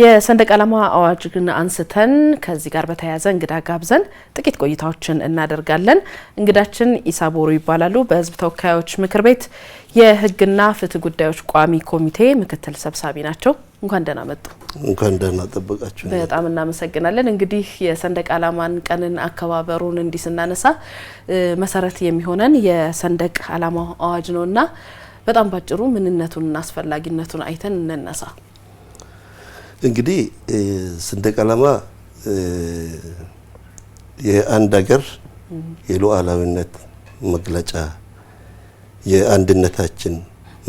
የሰንደቅ ዓላማ አዋጅ ግን አንስተን ከዚህ ጋር በተያያዘ እንግዳ ጋብዘን ጥቂት ቆይታዎችን እናደርጋለን። እንግዳችን ኢሳቦሩ ይባላሉ። በሕዝብ ተወካዮች ምክር ቤት የሕግና ፍትህ ጉዳዮች ቋሚ ኮሚቴ ምክትል ሰብሳቢ ናቸው። እንኳን ደህና መጡ። እንኳን ደህና ጠበቃችሁ። በጣም እናመሰግናለን። እንግዲህ የሰንደቅ ዓላማን ቀንን አከባበሩን እንዲህ ስናነሳ መሰረት የሚሆነን የሰንደቅ ዓላማ አዋጅ ነውና በጣም ባጭሩ ምንነቱንና አስፈላጊነቱን አይተን እንነሳ። እንግዲህ ሰንደቅ ዓላማ የአንድ ሀገር የሉዓላዊነት መግለጫ፣ የአንድነታችን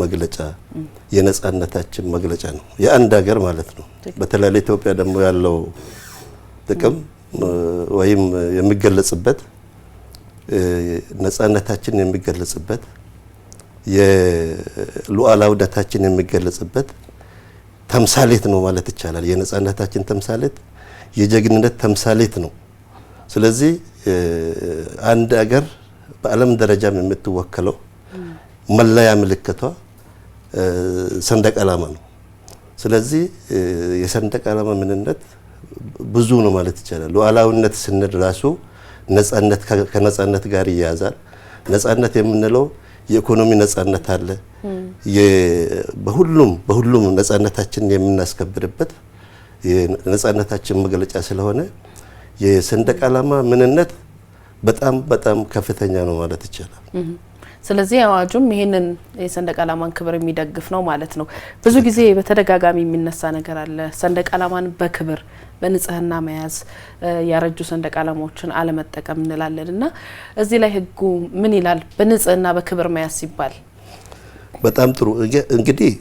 መግለጫ፣ የነጻነታችን መግለጫ ነው። የአንድ ሀገር ማለት ነው። በተለይ ለኢትዮጵያ ደግሞ ያለው ጥቅም ወይም የሚገለጽበት ነጻነታችን የሚገለጽበት የሉዓላዊነታችን የሚገለጽበት ተምሳሌት ነው ማለት ይቻላል። የነጻነታችን ተምሳሌት፣ የጀግንነት ተምሳሌት ነው። ስለዚህ አንድ አገር በዓለም ደረጃም የምትወከለው መለያ ምልክቷ ሰንደቅ ዓላማ ነው። ስለዚህ የሰንደቅ ዓላማ ምንነት ብዙ ነው ማለት ይቻላል። ሉዓላዊነት ስንል ራሱ ነጻነት ከነጻነት ጋር ይያዛል። ነጻነት የምንለው የኢኮኖሚ ነጻነት አለ። በሁሉም በሁሉም ነጻነታችን የምናስከብርበት የነጻነታችን መግለጫ ስለሆነ የሰንደቅ ዓላማ ምንነት በጣም በጣም ከፍተኛ ነው ማለት ይቻላል። ስለዚህ አዋጁም ይህንን የሰንደቅ ዓላማን ክብር የሚደግፍ ነው ማለት ነው። ብዙ ጊዜ በተደጋጋሚ የሚነሳ ነገር አለ። ሰንደቅ ዓላማን በክብር በንጽህና መያዝ፣ ያረጁ ሰንደቅ ዓላማዎችን አለመጠቀም እንላለን እና እዚህ ላይ ህጉ ምን ይላል? በንጽህና በክብር መያዝ ሲባል በጣም ጥሩ እንግዲህ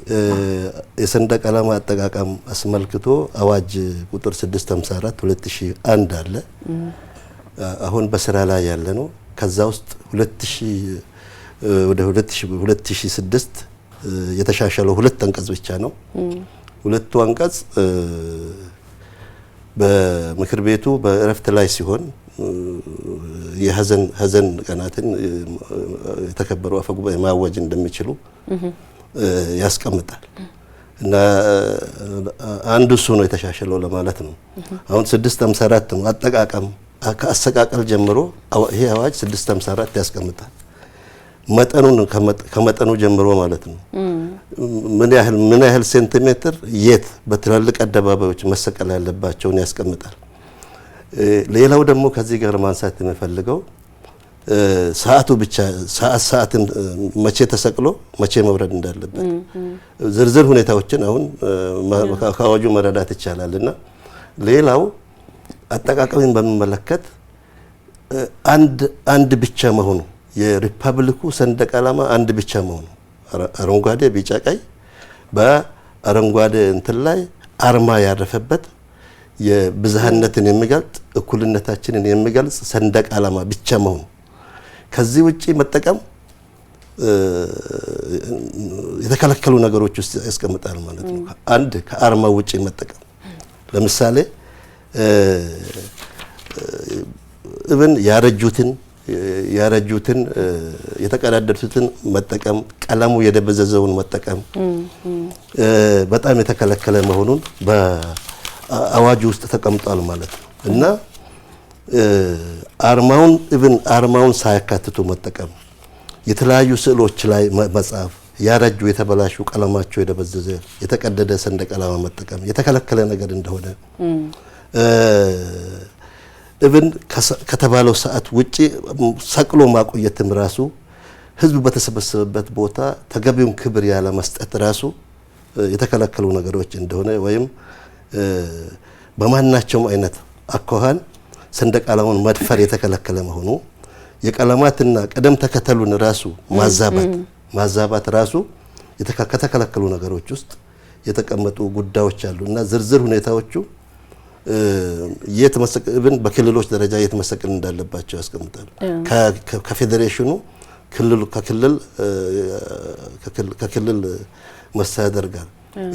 የሰንደቅ ዓላማ አጠቃቀም አስመልክቶ አዋጅ ቁጥር 654 2001 አለ አሁን በስራ ላይ ያለ ነው። ከዛ ውስጥ 2000 ወደ 2006 የተሻሻለው ሁለት አንቀጽ ብቻ ነው። ሁለቱ አንቀጽ በምክር ቤቱ በእረፍት ላይ ሲሆን የሀዘን ሀዘን ቀናትን የተከበሩ አፈ ጉባኤ ማወጅ እንደሚችሉ ያስቀምጣል እና አንዱ እሱ ነው የተሻሸለው ለማለት ነው። አሁን 654 ነው አጠቃቀም ከአሰቃቀል ጀምሮ ይሄ አዋጅ 654 ያስቀምጣል። መጠኑን ከመጠኑ ጀምሮ ማለት ነው። ምን ያህል ምን ያህል ሴንቲሜትር የት በትላልቅ አደባባዮች መሰቀል ያለባቸውን ያስቀምጣል። ሌላው ደግሞ ከዚህ ጋር ማንሳት የሚፈልገው ሰዓቱ ብቻ ሰዓት ሰዓትን መቼ ተሰቅሎ መቼ መውረድ እንዳለበት ዝርዝር ሁኔታዎችን አሁን ከአዋጁ መረዳት ይቻላል። እና ሌላው አጠቃቀሚን በሚመለከት አንድ አንድ ብቻ መሆኑ የሪፐብሊኩ ሰንደቅ ዓላማ አንድ ብቻ መሆኑ አረንጓዴ፣ ቢጫ፣ ቀይ በአረንጓዴ እንትን ላይ አርማ ያረፈበት የብዝሃነትን የሚገልጽ እኩልነታችንን የሚገልጽ ሰንደቅ ዓላማ ብቻ መሆኑ ከዚህ ውጭ መጠቀም የተከለከሉ ነገሮች ውስጥ ያስቀምጣል ማለት ነው። አንድ ከአርማ ውጪ መጠቀም ለምሳሌ እብን ያረጁትን ያረጁትን የተቀዳደዱትን መጠቀም፣ ቀለሙ የደበዘዘውን መጠቀም በጣም የተከለከለ መሆኑን በአዋጅ ውስጥ ተቀምጧል ማለት ነው እና አርማውን ኢቭን አርማውን ሳያካትቱ መጠቀም፣ የተለያዩ ስዕሎች ላይ መጻፍ፣ ያረጁ የተበላሹ ቀለማቸው የደበዘዘ የተቀደደ ሰንደቅ ዓላማ መጠቀም የተከለከለ ነገር እንደሆነ እብን ከተባለው ሰዓት ውጪ ሰቅሎ ማቆየትም ራሱ ህዝቡ በተሰበሰበበት ቦታ ተገቢውን ክብር ያለ መስጠት ራሱ የተከለከሉ ነገሮች እንደሆነ ወይም በማናቸውም አይነት አኳኋን ሰንደቅ ዓላማውን መድፈር የተከለከለ መሆኑ የቀለማትና ቅደም ተከተሉን ራሱ ማዛባት ማዛባት ራሱ ከተከለከሉ ነገሮች ውስጥ የተቀመጡ ጉዳዮች አሉ እና ዝርዝር ሁኔታዎቹ የተመሰቅልን በክልሎች ደረጃ የተመሰቅል እንዳለባቸው ያስቀምጣል። ከፌዴሬሽኑ ከክልል መስተዳደር ጋር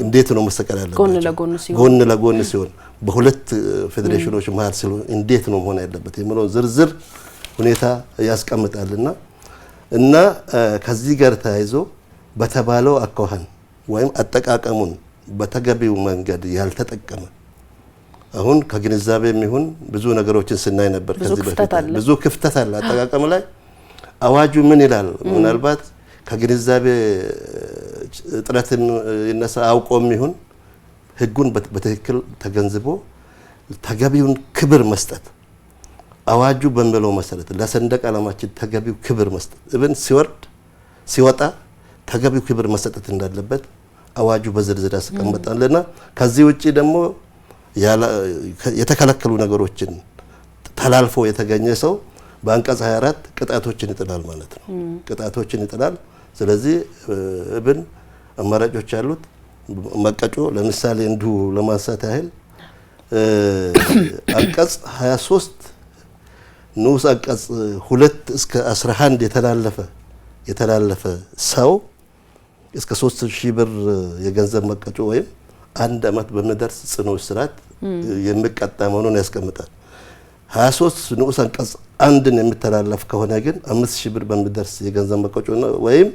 እንዴት ነው መሰቀል ያለባቸው? ጎን ለጎን ሲሆን በሁለት ፌዴሬሽኖች መሀል ሲሆን እንዴት ነው መሆን ያለበት የሚለውን ዝርዝር ሁኔታ ያስቀምጣልና እና ከዚህ ጋር ተያይዞ በተባለው አኳኋን ወይም አጠቃቀሙን በተገቢው መንገድ ያልተጠቀመ አሁን ከግንዛቤ የሚሆን ብዙ ነገሮችን ስናይ ነበር። ከዚህ በፊት ብዙ ክፍተት አለ አጠቃቀም ላይ። አዋጁ ምን ይላል? ምናልባት ከግንዛቤ እጥረትን ይነሳ አውቆ የሚሆን ህጉን በትክክል ተገንዝቦ ተገቢውን ክብር መስጠት አዋጁ በሚለው መሰረት ለሰንደቅ ዓላማችን ተገቢው ክብር መስጠት እብን ሲወርድ ሲወጣ ተገቢው ክብር መሰጠት እንዳለበት አዋጁ በዝርዝር ያስቀምጣልና ከዚህ ውጭ ደግሞ የተከለከሉ ነገሮችን ተላልፎ የተገኘ ሰው በአንቀጽ 24 ቅጣቶችን ይጥላል ማለት ነው። ቅጣቶችን ይጥላል። ስለዚህ እብን አማራጮች ያሉት መቀጮ ለምሳሌ እንዲሁ ለማንሳት ያህል አንቀጽ 23 ንዑስ አንቀጽ 2 እስከ 11 የተላለፈ የተላለፈ ሰው እስከ 3000 ብር የገንዘብ መቀጮ ወይም አንድ አመት በሚደርስ ጽኑ እስራት የሚቀጣ መሆኑን ያስቀምጣል። 23 ንዑስ አንቀጽ አንድን የሚተላለፍ ከሆነ ግን አምስት ሺህ ብር በሚደርስ የገንዘብ መቀጮ ወይም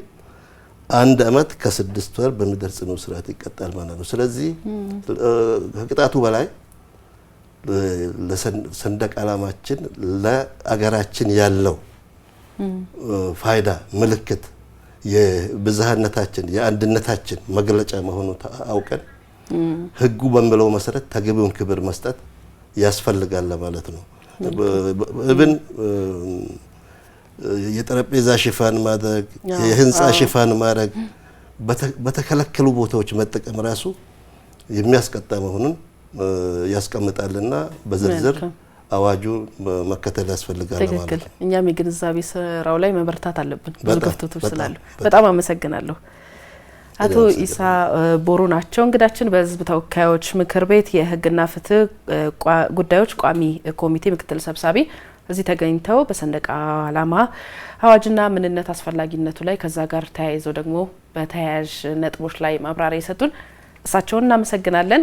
አንድ አመት ከስድስት ወር በሚደርስ ጽኑ እስራት ይቀጣል ማለት ነው። ስለዚህ ከቅጣቱ በላይ ለሰንደቅ ዓላማችን ለአገራችን ያለው ፋይዳ ምልክት የብዝሃነታችን የአንድነታችን መግለጫ መሆኑ አውቀን ህጉ በሚለው መሰረት ተገቢውን ክብር መስጠት ያስፈልጋል ለማለት ነው። እብን የጠረጴዛ ሽፋን ማድረግ፣ የህንፃ ሽፋን ማድረግ፣ በተከለከሉ ቦታዎች መጠቀም ራሱ የሚያስቀጣ መሆኑን ያስቀምጣልና በዝርዝር አዋጁ መከተል ያስፈልጋል። ትክክል። እኛም የግንዛቤ ስራው ላይ መበርታት አለብን፣ ብዙ ክፍተቶች ስላሉ። በጣም አመሰግናለሁ። አቶ ኢሳ ቦሩ ናቸው እንግዳችን። በህዝብ ተወካዮች ምክር ቤት የህግና ፍትህ ጉዳዮች ቋሚ ኮሚቴ ምክትል ሰብሳቢ እዚህ ተገኝተው በሰንደቅ ዓላማ አዋጅና ምንነት አስፈላጊነቱ ላይ ከዛ ጋር ተያይዘው ደግሞ በተያያዥ ነጥቦች ላይ ማብራሪያ የሰጡን እሳቸውን እናመሰግናለን።